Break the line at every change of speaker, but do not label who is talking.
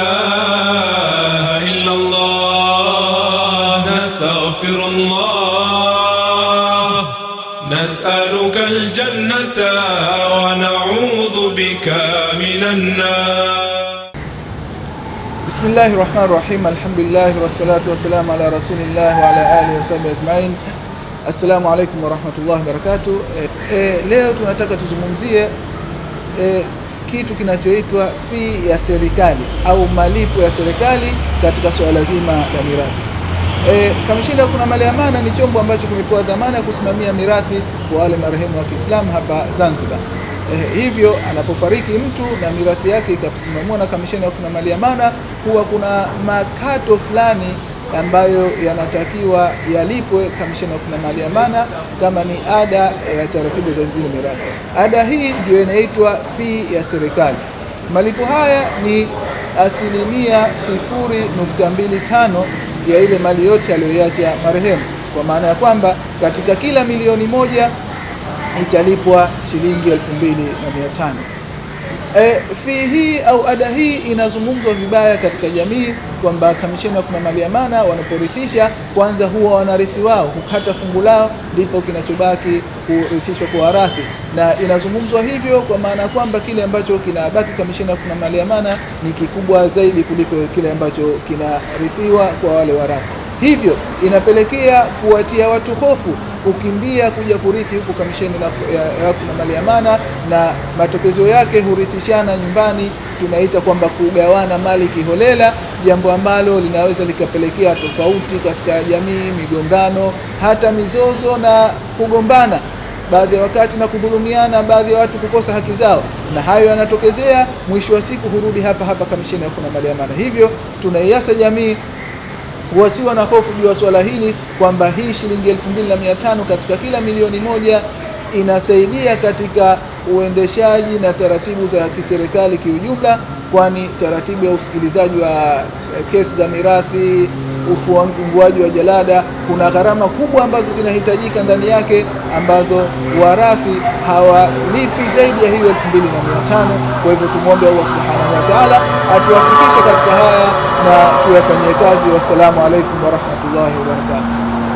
إلا الله نستغفر الله نسألك الجنة ونعوذ بك من النار بسم الله الرحمن الرحيم الحمد لله والصلاة والسلام على رسول الله وعلى آله وصحبه أجمعين السلام عليكم ورحمة الله وبركاته e, إيه، leo إيه، tunataka tuzungumzie e, kitu kinachoitwa fee ya serikali au malipo ya serikali katika suala zima la mirathi. E, Kamishina kuna mali amana ni chombo ambacho kimepewa dhamana ya kusimamia mirathi kwa wale marehemu wa Kiislamu hapa Zanzibar. Eh, hivyo anapofariki mtu na mirathi yake ikasimamiwa na kamisheni ya Tuna Mali Amana, huwa kuna makato fulani ambayo yanatakiwa yalipwe Kamishna wa Wakfu Mali ya Amana kama ni ada ya taratibu za zile miradi Ada hii ndiyo inaitwa fee ya serikali. Malipo haya ni asilimia tano ya ile mali yote aliyoiacha marehemu, kwa maana ya kwamba katika kila milioni moja italipwa shilingi 2500. E, eh, fii hii au ada hii inazungumzwa vibaya katika jamii kwamba kamisheni ya maliamana wanaporithisha, kwanza huwa wanarithi wao hukata fungu lao, ndipo kinachobaki kurithishwa kwa warathi, na inazungumzwa hivyo kwa maana ya kwamba kile ambacho kinabaki kamisheni ya maliamana ni kikubwa zaidi kuliko kile ambacho kinarithiwa kwa wale warathi, hivyo inapelekea kuwatia watu hofu kukimbia kuja kurithi huku kamisheni ya wakfu na mali ya amana, na matokezo yake hurithishana nyumbani, tunaita kwamba kugawana mali kiholela, jambo ambalo linaweza likapelekea tofauti katika jamii, migongano, hata mizozo na kugombana baadhi ya wakati na kudhulumiana, baadhi ya watu kukosa haki zao, na hayo yanatokezea, mwisho wa siku hurudi hapa hapa kamisheni ya wakfu na mali ya amana. Hivyo tunaiasa jamii wasiwa na hofu juu ya swala hili kwamba hii shilingi 2500 katika kila milioni moja inasaidia katika uendeshaji na taratibu za kiserikali kiujumla, kwani taratibu ya usikilizaji wa eh, kesi za mirathi ufunguaji wa jalada, kuna gharama kubwa ambazo zinahitajika ndani yake ambazo warathi hawalipi zaidi ya hiyo elfu mbili na mia tano. Kwa hivyo tumwombe Allah subhanahu wa taala atuwafikishe katika haya na tuyafanyie kazi. Wassalamu alaikum warahmatullahi wabarakatuh.